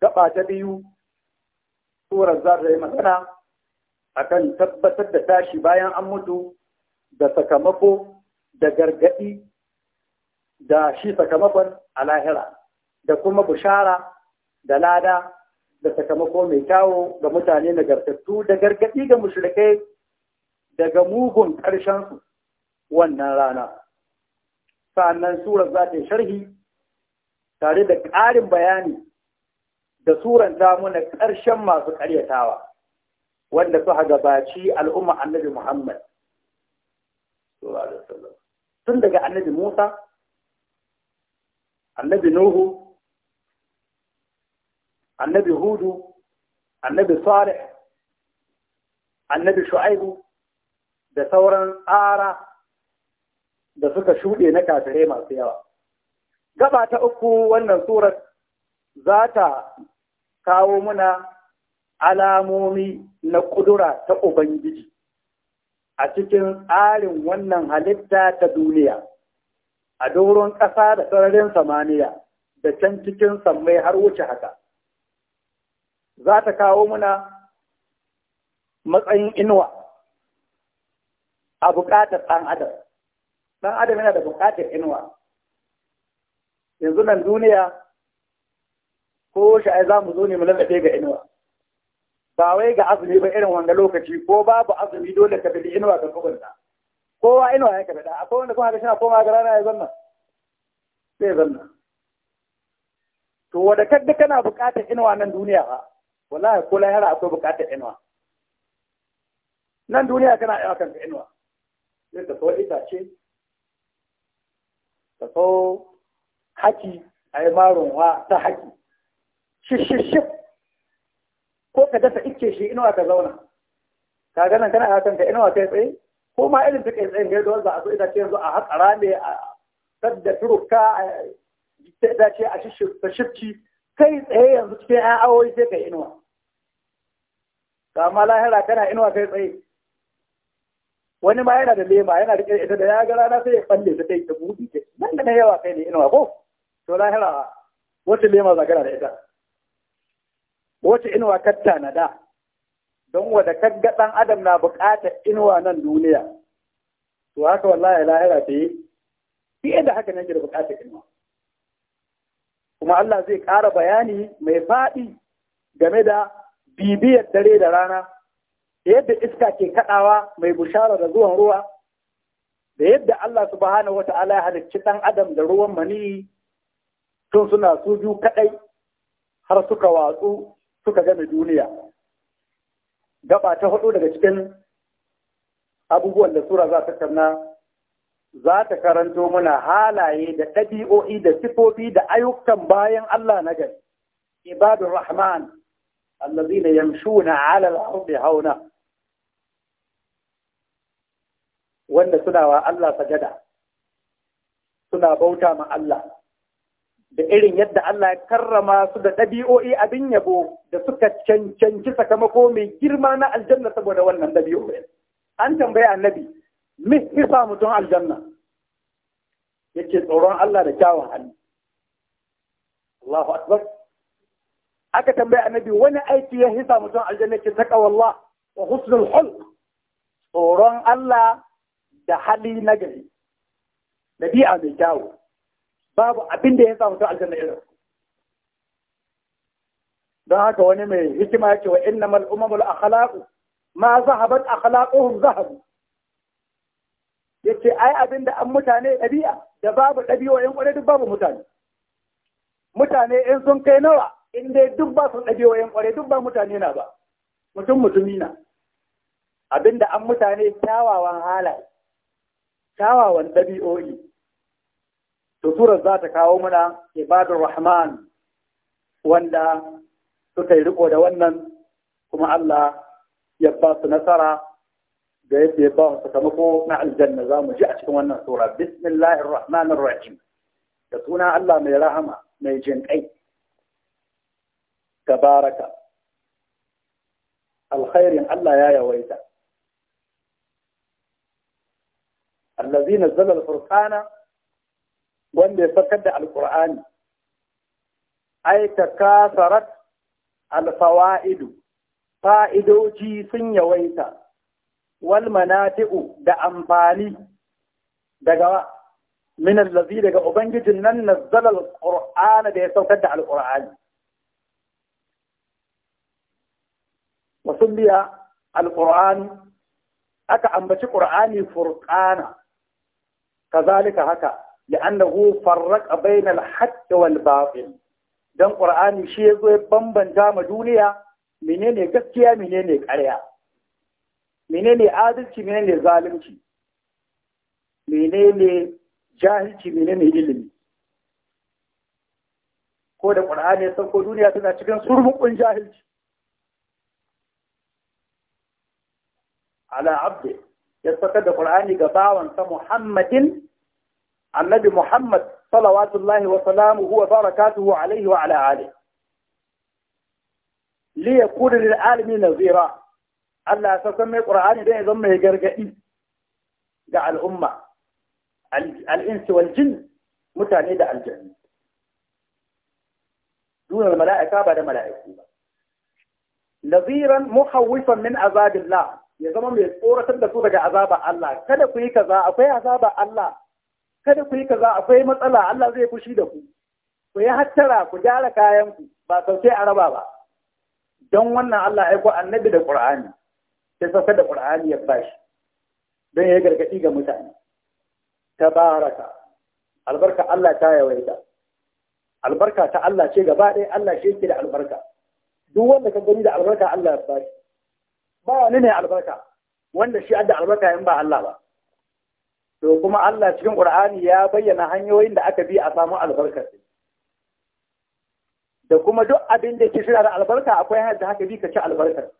Gaba ta biyu, Surar za ta yi magana a kan tabbatar da tashi bayan an mutu da sakamako da gargaɗi da shi sakamakon a lahira da kuma bushara da lada da sakamako mai kyawo ga mutane nagartattu da gargaɗi ga mushrikai daga mugun ƙarshensu wannan rana Sannan surar za ta sharhi tare da ƙarin bayani da suran na ƙarshen masu ƙaryatawa wanda suka gabaci al'umma annabi Muhammad sallallahu alaihi wasallam tun daga annabi Musa annabi Nuhu annabi Hudu annabi Salih annabi Shu'aibu da sauran tsara da suka shuɗe na kafirai masu yawa gaba ta uku wannan surat za ta kawo muna alamomi na ƙudura ta Ubangiji a cikin tsarin wannan halitta ta duniya a doron ƙasa da sararin samaniya da can cikin samai har wuce haka za ta kawo muna matsayin inuwa a buƙatar ɗan adam ɗan adam yana da buƙatar inuwa yanzu nan duniya ko sha'ai za mu zo ne mu lalace ga inuwa ba wai ga azumi ba irin wanda lokaci ko babu azumi dole ka bi inuwa ka kubuta kowa inuwa ya kabida akwai wanda kuma ga shi na koma ga rana ya zanna sai zanna to wanda kadda kana buƙatar inuwa nan duniya ba wallahi ko lahira akwai buƙatar inuwa nan duniya kana yawa kanka inuwa zai ka so itace ka so haki a yi maron wa ta haki shishishif ko ka dasa icce shi inuwa ka zauna ka gana nan kana hakan ka inuwa kai tsaye ko ma irin duk tsaye ne da wanda a zo ita ce yanzu a haƙa rame a sadda turuka ta ita ce a shifci kai tsaye yanzu cikin 'yan awoyi sai ka inuwa ma lahira kana inuwa kai tsaye wani ma yana da lema yana da ita da ya ga rana sai ya falle ta kai ta buɗe ta nan da yawa kai ne inuwa ko to lahira wata lema zakara da ita wata inuwa na da, don wada kagga ɗan adam na buƙatar inuwa nan duniya to haka wallahi lahira ta yi fiye da haka nake da buƙatar inuwa kuma Allah zai ƙara bayani mai faɗi game da bibiyar dare da rana da yadda iska ke kaɗawa mai bushara da zuwan ruwa da yadda Allah subhanahu wata'ala ya halicci ɗan adam da ruwan mani tun suna su biyu kaɗai har suka watsu suka game duniya gaba ta hudu daga cikin abubuwan da sura za ta karna za ta karanto muna halaye da ɗabi'o'i da sifofi da ayyukan bayan Allah na gari ibadur rahman na yamshuna ala al-ardi hauna wanda suna wa Allah sajada suna bauta ma Allah da irin yadda Allah ya karrama su da ɗabi'o'i abin yabo da suka cancanci sakamako mai girma na aljanna saboda wannan ɗabi'o'i. An tambaya annabi, me isa mutum aljanna? Ya ce tsoron Allah da kyawun hannu. Allahu Akbar. Aka tambaya annabi wani aiki ya sa mutum aljanna ce ta taqawallah wa husnul hulq. Tsoron Allah da hali na gari. Ɗabi'a mai kyawun. babu abin da ya sa mutum aljanna irin don haka wani mai hikima ce wa innamal umamul akhlaqu ma zahabat akhlaquhum zahabu yace ai abin da an mutane ɗabi'a da babu ɗabi'o'in ƙwarai duk babu mutane mutane in sun kai nawa in dai duk ba su ɗabi'o'in ƙwarai duk ba mutane na ba mutum mutumi na abin da an mutane kyawawan halaye kyawawan ɗabi'o'i to za ta kawo mana ibadur rahman wanda suka yi riko da wannan kuma Allah ya ba su nasara da yadda ya ba su sakamako na aljanna za mu ji a cikin wannan sura bismillahir rahmanir rahim da suna Allah mai rahama mai jinƙai tabaraka alkhairin Allah ya yawaita allazi nazzala al wanda ya sakar da alkur'ani ai ta kasarat alfawa'idu fa'idoji sun yawaita wal manati'u da amfani daga min allazi daga ubangijin nan nazzala alqur'ana da ya saukar da alqur'ani Wasulliya alqur'ani aka ambaci qur'ani furqana kazalika haka لأنه فرق بين الحق والباطل Don ƙur'ani shi ya zo ya bambanta ma duniya menene gaskiya menene ƙarya menene adalci menene zalunci menene jahilci menene ilimi ko da Qur'ani ya sauko duniya tana cikin surmukun jahilci ala ya saka da ƙur'ani ga bawansa Muhammadin النبي محمد صلوات الله وسلامه وبركاته عليه وعلى آله ليكون للعالمين نظيرا ألا تسمى القرآن ده يزمه جرجئي دع الأمة الإنس والجن متاني دع الجن دون الملائكة بعد ملائكة نظيرا مخوفا من عذاب الله يزمه يقول تبدأ لك عذاب الله كذا كذا أقوى عذاب الله kada ku yi kaza akwai matsala Allah zai fushi da ku ku yi hattara ku gyara kayan ku ba sauke a raba ba don wannan Allah ya ko annabi da Qur'ani sai sauka da Qur'ani ya bashi don ya gargadi ga mutane tabaraka albarka Allah ta yawaita albarka ta Allah ce gaba ɗaya Allah shi yake da albarka duk wanda ka gani da albarka Allah ya bashi ba wani ne albarka wanda shi adda albarka in ba Allah ba to kuma Allah cikin Qur'ani ya bayyana hanyoyin da aka bi a samu albarka da kuma duk abin da ke shirya da albarka akwai hanyar da haka bi ka ci albarkar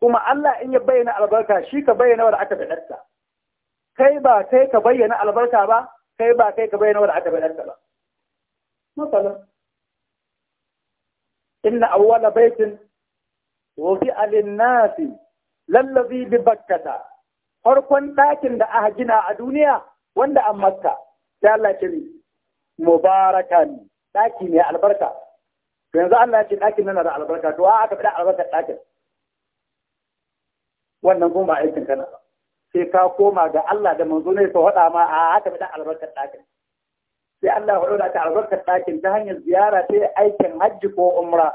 kuma Allah in ya bayyana albarka shi ka bayyana wanda aka bayyana kai ba kai ka bayyana albarka ba kai ba kai ka bayyana wanda aka bayyana ba مثلا إن أول بيت وفئ للناس للذي bakkata. farkon ɗakin da aka gina a duniya wanda an makka sai Allah ce mubarakan ɗaki ne albarka to yanzu Allah ya ce ɗakin nan da albarka to aka fada albarkar ɗakin wannan kuma ba aikin kana sai ka koma ga Allah da manzo ne ka faɗa ma a aka fada albarkar ɗakin sai Allah ya faɗa ta albarkar ɗakin ta hanyar ziyara ta aikin hajji ko umra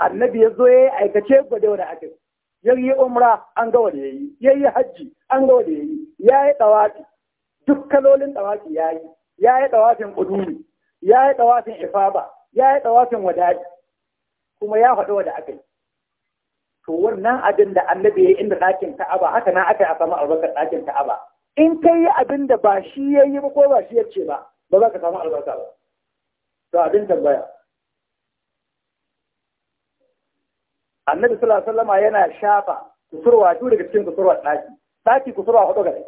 annabi ya zo ya aikace gwada wani aka yi ya yi umra an ga wanda ya yi ya yi hajji an ga wanda ya yi ya yi tsawafi duk kalolin ɗawafi ya yi ya yi tsawafin ƙuduri ya yi tsawafin ifaba ya yi tsawafin wadadi kuma ya faɗi da aka yi to wannan abin da annabi ya yi inda ɗakin ka'aba haka na aka yi a samu albarkar ɗakin ka'aba in kai yi abin da ba shi ya yi ba ko ba shi ya ce ba ba za ka samu albarka ba to abin tambaya annabi sallallahu alaihi wasallam yana shafa kusurwa duk daga cikin kusurwa daki daki kusurwa hudu gare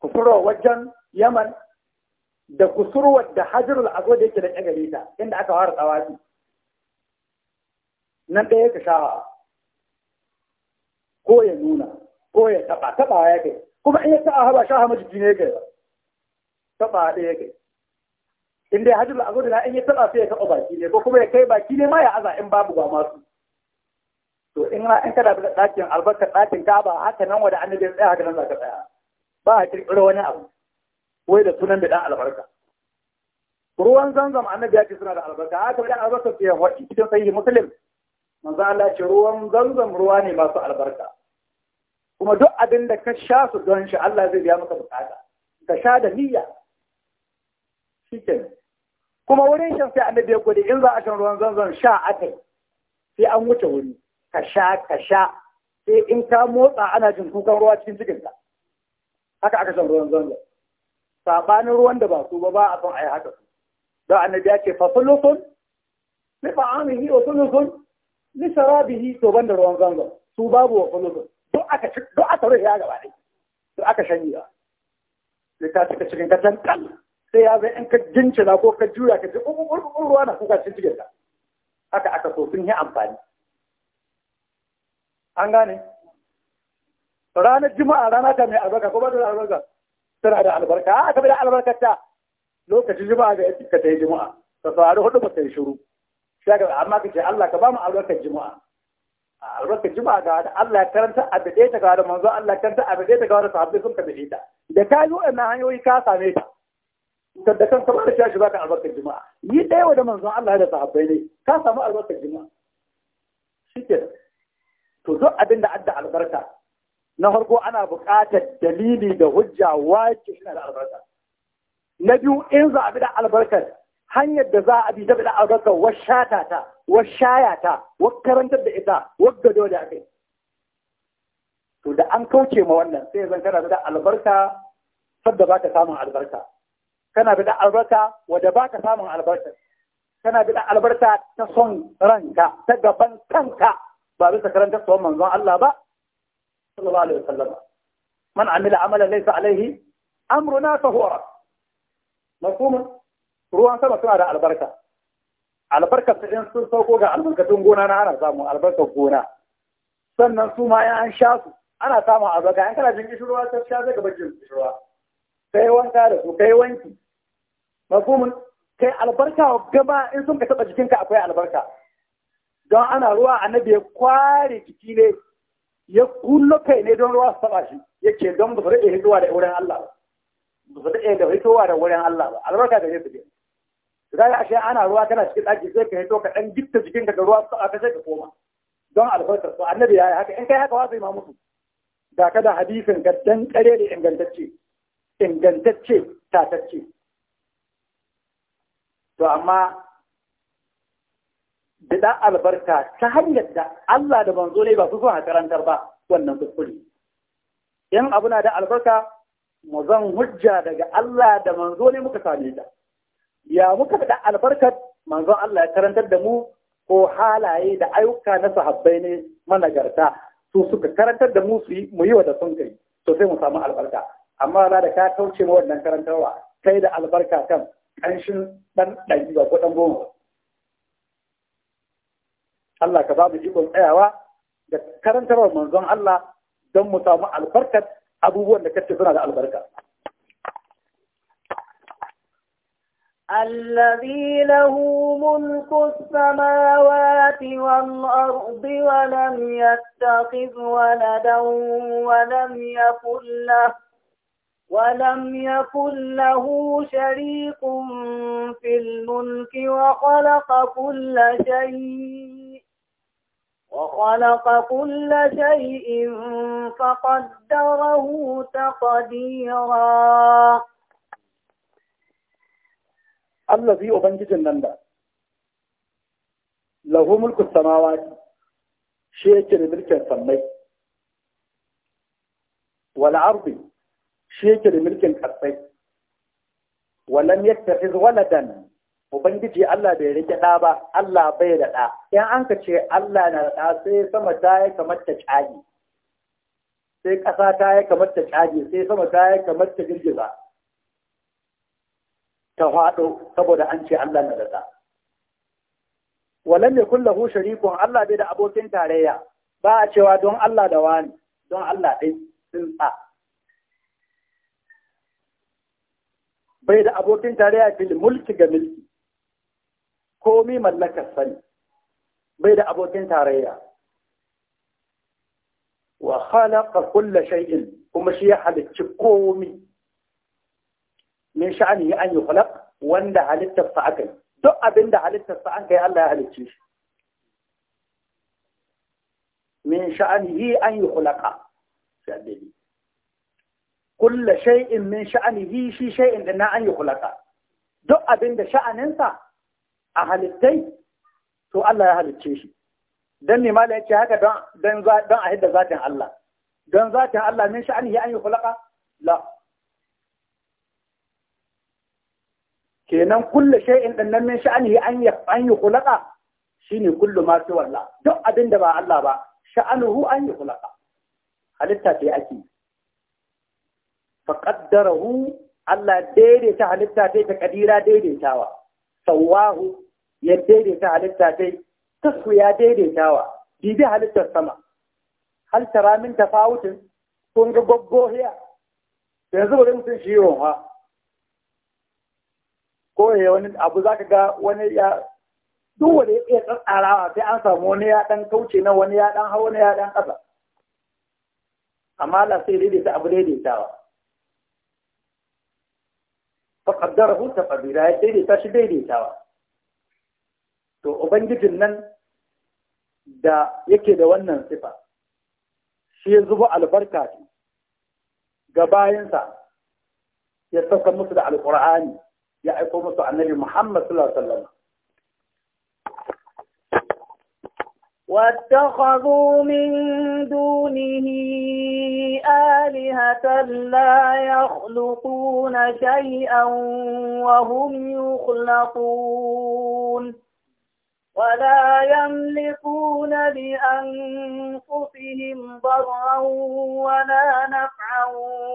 kusurwa wajen yaman da kusurwa da hajarul aswad yake da gare ta inda aka fara tsawafi nan ɗaya ka shafa ko ya nuna ko ya taba taba ya kai kuma in ya ta'a haba shafa majiji ne kai taba ɗaya kai in dai hajjul azur da in ya taba sai ya taba baki ne ko kuma ya kai baki ne ma ya aza in babu ba masu to in ma in kana da ɗakin albarka, ɗakin kaba haka nan wanda annabi ya tsaya haka nan za ka tsaya ba a kirkiro wani abu wai da sunan da ɗan albarka ruwan zanzam annabi ya ce suna da albarka haka da albarka su yawa cikin sahihi muslim manzo Allah ce ruwan zanzam ruwa ne masu albarka kuma duk abin da ka sha su don shi Allah zai biya maka bukata ka sha da niyya shikenan kuma wurin shan sai annabi ya gode in za a shan ruwan zanzan sha akai sai an wuce wuri ka sha ka sha sai in ka motsa ana jin kukan ruwa cikin cikinka haka aka san ruwan zanga sabanin ruwan da ba su ba ba a son a yi haka su don annabi ya ce fasulufun ni fa'amihi wa sulufun ni sarabihi to ban da ruwan zanga su babu wa sulufun duk aka duk aka rufe ya gaba ɗaya duk aka shanye Sai ta cika cikin ka kan sai ya zai in ka na ko ka juya ka ji ruwa na kuka cikin cikinka haka aka so sun yi amfani an gane ranar juma'a rana ta mai albarka ko ba ta albarka tana da albarka a ka bi da albarka ta lokacin juma'a da ka ta yi juma'a ta saurari hudu ba yi shiru shi ka amma ka ce Allah ka ba mu albarkar juma'a albarkar juma'a ga wata Allah ya karanta a bide ta ga da manzo Allah ya karanta a bide ta ga da sahabbai sun ka bide ta da ka yi wannan hanyoyi ka same ta ka da kan kamar da shi ba ka albarkar juma'a yi ɗaya wa da manzo Allah da sahabbai ne ka samu albarkar juma'a ke to duk abin da adda albarka na farko ana buƙatar dalili da hujja wace shi da albarka na biyu in za a bi da albarkar hanyar da za a bi ta bi da albarkar washata ta washaya ta wakarantar da ita gado da kai to da an kauce ma wannan sai zan kana da albarka sadda ba ka samun albarka kana bi da albarka wadda ba ka samun albarka kana bi da albarka ta son ranka ta gaban kanka ba bisa karantar tsawon manzon Allah ba sallallahu alaihi wasallam man amila amalan laysa alaihi amruna fa huwa mafhum ruwan sama suna da albarka albarkar ta in sun sauko ga albarkatun gona na ana samu albarkar gona sannan su ma ya an sha su ana samun albarka an kana jin kishirwa ta sha zai gaba jin kishirwa kai wanka da su kai wanki mafhumin kai albarka gaba in sun ka taba jikinka akwai albarka don ana ruwa annabi ya kware jiki ne ya kullo kai ne don ruwa su taba shi yake don ba su rike hitowa da wurin Allah ba ba su rike da hitowa da wurin Allah ba albarka da yesu ne zai ashe ana ruwa kana cikin ɗaki sai ka hito ka ɗan gitta jikin ka da ruwa su taba sai ka koma don albarkar su annabi ya yi haka in kai haka wasu ma mutu? da ka da hadisin ka dan kare da ingantacce ingantacce tatacce to amma da albarka ta hanyar da Allah da manzo ne ba su son a karantar ba wannan kuskure in abu na da albarka mu zan hujja daga Allah da manzo ne muka same ta ya muka da albarkar manzon Allah ya karantar da mu ko halaye da ayyuka na sahabbai ne managarta su suka karantar da mu su mu yi wa da sun kai to sai mu samu albarka amma na da ka kauce ma wannan karantarwa kai da albarka kan ƙanshin ɗan ɗan ba ko ɗan goma الله كذاب يقول ايوا ذكرن ترى من الله دم متام البركه ابو هو اللي كتب هذا البركه الذي له ملك السماوات والأرض ولم يتخذ ولدا ولم يكن له ولم يكن له شريك في الملك وخلق كل شيء وخلق كل شيء فقدره تقديرا الذي أبنجد النندى له ملك السماوات شيء ملك السمي والعرض شيء ملك الكفي ولم يتخذ ولدا Ubangiji Allah bai rike ɗa ba, Allah bai da ɗa. Yan an ka ce Allah na da ɗa, sai sama ta yi kamar ta cagi, sai ƙasa ta yi kamar ta cagi, sai sama ta yi kamar ta girgiza. Ta faɗo saboda an ce Allah na da ɗa. Walan ne kullahu sharikun Allah bai da abokin tarayya, ba a cewa don Allah da wani, don Allah ɗai sun tsa. Bai da abokin tarayya fil mulki ga mulki. komi mallakar sani bai da abokin tarayya wa khalaqa kulla shay'in kuma shi ya halicci komi min sha'ani an yi yukhlaq wanda halittarsa aka yi duk abin da halittarsa an yi, Allah ya halicce shi min sha'anihi an yukhlaqa shaddidi kulla shay'in min sha'anihi shi shay'in da na an yukhlaqa duk abin da sha'aninsa a halittai to Allah ya halicce shi Don ne mala yace haka don a hidda zatin Allah don zatin Allah min sha'ani an yi yukhlaqa la kenan kulle sha'in din nan min sha'ani an an yukhlaqa shine kullu ma fi wallah duk abin da ba Allah ba hu an yukhlaqa halitta ce ake hu, Allah daidaita halitta ta ƙadira daidaitawa sawahu ya daidaita halitta dai tasku ya daidaitawa bibi halittar sama hal tara min tafawutin kun ga goggohiya yanzu bari mutum shi yiwon ha ko ya wani abu zaka ga wani ya duk wanda ya iya tsarawa sai an samu wani ya dan kauce na wani ya dan hawa wani ya dan kasa amma la sai daidaita abu daidaitawa fa ta taqdira ya daidaita shi daidaitawa to ubangijin nan da yake da wannan sifa shi ya zuba albarka ga bayansa ya sauka musu da alqur'ani ya aiko musu annabi Muhammad sallallahu alaihi wasallam واتخذوا من دونه آلهة لا يخلقون شيئا وهم يخلقون ولا يملكون لأنفسهم ضرا ولا نفعا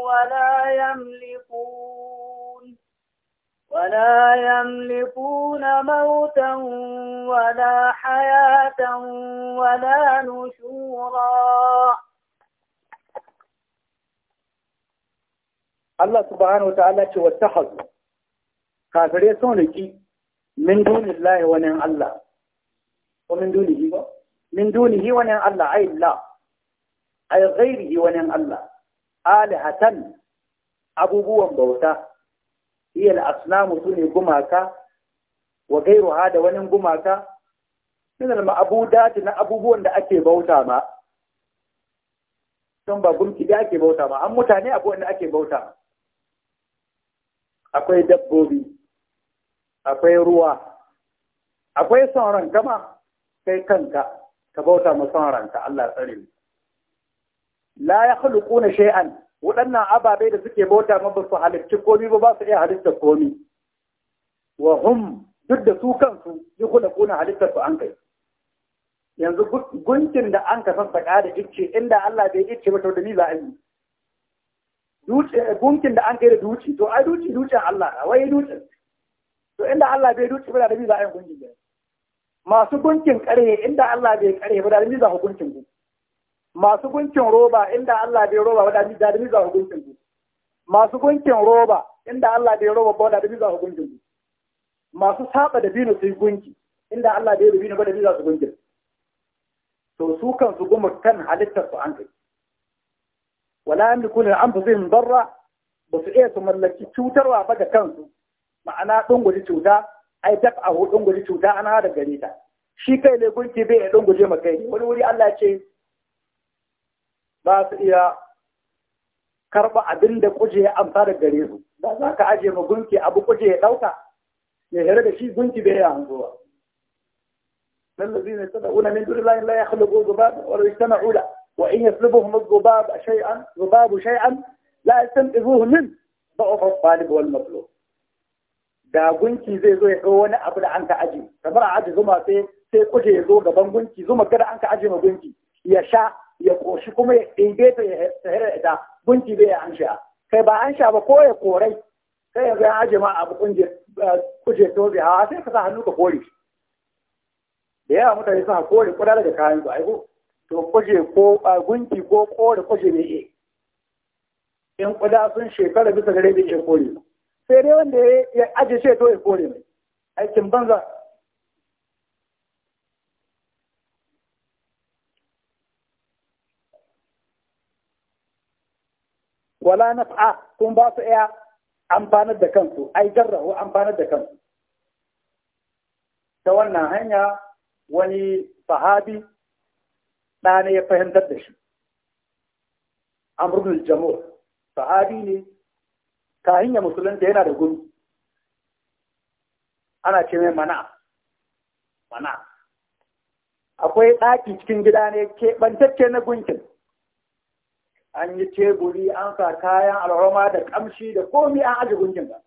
ولا يملكون ولا يملكون موتا ولا حياة ولا نشورا الله سبحانه وتعالى واتخذوا كافرين سونكي من دون الله ونعم الله ومن دونه من دونه ونعم الله أي الله أي غيره ونعم الله آلهة أبو بوان بوتا hiyar asnamu sune gumaka wa gairu ha da wani gumaka sinar ma'abudati na abubuwan da ake bauta ma don ba gumki da ake bauta ma an mutane abubuwan da ake bauta akwai dabbobi akwai ruwa akwai son ranka ma kai kanka ka bauta ma son ranka Allah tsare la ya khluquna shay'an waɗannan ababai da suke bauta ma ba su halitta komi ba ba su iya halitta komi wa hum duk da su kansu yi kula kuna halittar su an kai yanzu gunkin da an ka sassaka da icce inda Allah bai icce ba to da ni za a yi gunkin da an kai da duci to ai duci ducin Allah a wai ducin to inda Allah bai duci ba da ni za a yi gunkin masu gunkin kare, inda Allah bai kare ba da ni za ku gunkin gunkin masu gunkin roba inda Allah bai roba wadda da da miza hukuncin su masu gunkin roba inda Allah bai roba wadda da miza hukuncin su masu saba da binu sai gunki inda Allah bai rubina ba da za su gunkin to su kan su goma kan halittar su an kai wala yamlikuna anfusihim darra ba su iya su mallaki cutarwa ba ga kansu ma'ana dunguri cuta ai daf a dunguri cuta ana da gari ta shi kai ne gunki bai ya dunguje ma kai wani wuri Allah ce ba su iya karɓa abin da kuje ya amsa da gare su da za ka aje ma gunki abu kuje ya ɗauka ya hira da shi gunki bai ya ne lallazina yastad'una min duni llahi la yakhluqu dhubaba wa law ijtama'u la wa in yaslubuhum adh-dhubab shay'an dhubabu shay'an la zuhu min ba ba wani والمطلوب da gunki zai zo ya kawo wani abu da an ka aji kamar a aji zuma sai sai kuje ya zo gaban gunki zuma kada an ka aji ma gunki ya sha ya koshi kuma ya ɗebe ta ya tsere ita gunki bai ya ansha kai ba ansha ba ko ya korai sai yanzu an aje ma abu eh, kuje tobe hawa sai ka sa hannu ka kore da yawa mutane suna kore kuda daga kayan su aiko to kuje ko eh, gunki ko kore kuje ne e in kuda sun shekara bisa gare bai iya kore sai dai wanda ya ajiye ce to ya kore mai aikin banza wala naf'a kun ba su iya amfanar da kansu ai jarrahu amfanar da kansu ta wannan hanya wani sahabi ɗane ya fahimtar da shi amrul jamur sahabi ne kahin musulun da yana da gumi ana ce mai mana mana akwai ɗaki cikin gida ne keɓantacce na gunkin an yi teburi an sa kayan alhoma da kamshi da komi an aji gungin ba.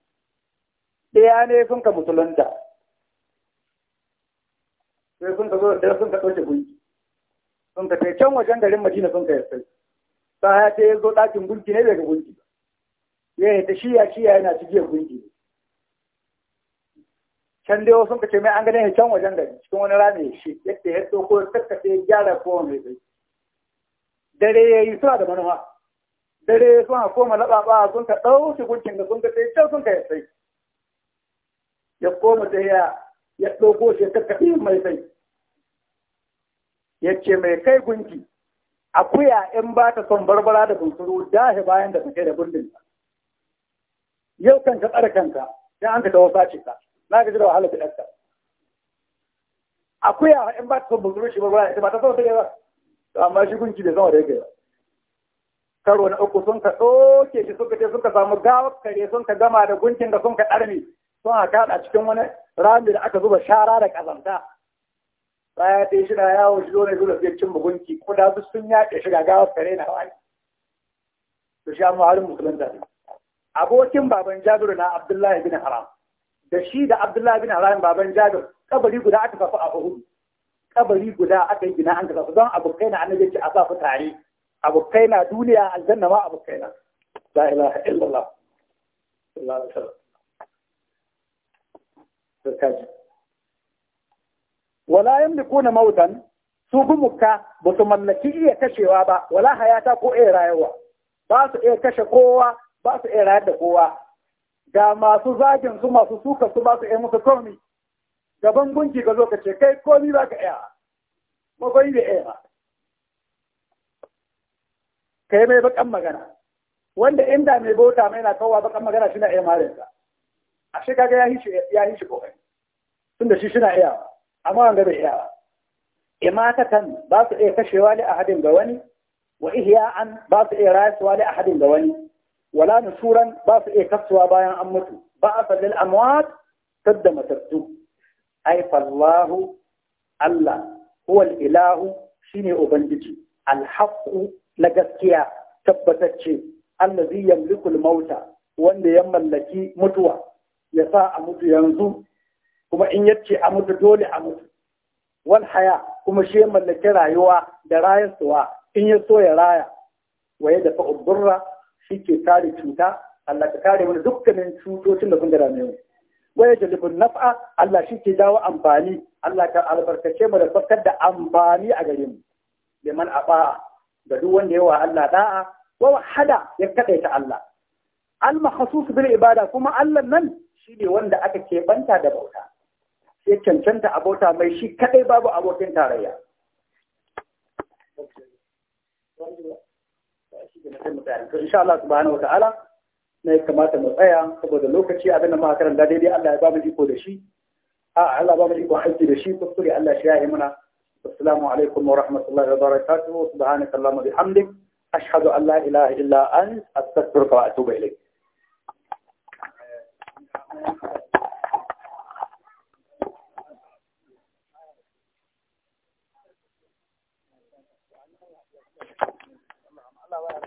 ɗaya ne sun ka musulunta sai sun ka zo da sun ka ɗauke gunki sun ka kai can wajen garin madina sun ka yasai sa ya ta zo ɗakin gunki ne daga gunki ya yi ta shiya shiya yana cigiyar gunki can dai sun ka ce mai an gane can wajen gari cikin wani rami shi yadda ya ko kakkafe gyara kowane sai dare ya yi suna da manuwa dare suna koma laɓaɓa sun ka ɗauki gunkin da sun ka sai can sun ka ya sai ya koma ta ya ya ɗauko shi ya kaɗi mai sai ya ce mai kai gunki akuya in ba ta son barbara da bunsuru dahi bayan da take da ta yau kan kanka tsare kanka dan an ka dawo sace ka na ga da wahala da ɗanka akuya in ba ta son bunsuru shi barbara ita ba ta son ta ba amma shi gunki bai zama da yake karo na uku sun ka doke shi suka ce ka samu gawar kare sun ka gama da gunkin da sun ka ɗarmi sun a cikin wani rami da aka zuba shara da ƙazanta baya yi shi na yawo shi zo zuwa zo da fiye cin bugunki kuda su sun yaƙe shi ga gawar kare na wani to shi amma halin musulunta ne abokin baban jabiru na abdullahi bin haram da shi da abdullahi bin haram baban jabiru kabari guda aka kafa a hudu kabari guda aka yi gina an kaza don abokai na annabi ce a sa tare abokai na duniya aljanna ma abokai na la ilaha illallah wala yin da kuna mautan su gumuka ba su mallaki iya kashewa ba wala hayata ko iya rayuwa ba su iya kashe kowa ba su iya rayar da kowa ga masu zagin su masu suka su ba su iya musu komi gaban gunki ka zo ka ce kai komi ba ka iya magoyi da iya ka yi mai bakan magana wanda inda mai bauta mai na kawowa bakan magana shi na iya marinsa a shi kaga ya yi shi kokari tunda shi shi na iya amma wanda bai iya imatatan ba su iya kashewa li ahadin ga wani wa ihya'an ba su iya rayuwa li ahadin ga wani wala nusuran ba su iya kasuwa bayan an mutu ba a sallil amwat tadda matattu ai fallahu Allah huwal ilahu shine ubangiji alhaqu na gaskiya tabbatacce zai yamlikul mauta wanda ya mallaki mutuwa ya sa a mutu yanzu kuma in yace a mutu dole a mutu wal haya kuma shi ya mallaki rayuwa da rayuwa in ya so ya raya wa ya dafa uburra shi ke kare cuta Allah ka kare wani dukkanin cutocin da kun gara mai Waye da jalibin naf'a Allah shi ke dawo amfani Allah ka albarkace mu da fakar da amfani a gare mu liman aba da duk wanda yawa Allah da'a wa wahada ya kadaita Allah al makhsus bil ibada kuma Allah nan shi ne wanda aka ke banta da bauta sai cancanta abota mai shi kadai babu abokin tarayya insha Allah subhanahu wa ta'ala na ya kamata mu tsaya saboda lokaci abin da muka karanta daidai Allah ya ba mu iko da shi a Allah ba mu iko aiki da shi kuskure Allah shi ya yi mana assalamu alaikum wa rahmatullahi wa barakatuh subhanaka allahumma bihamdik ashhadu an la ilaha illa ant astaghfiruka wa atubu ilayk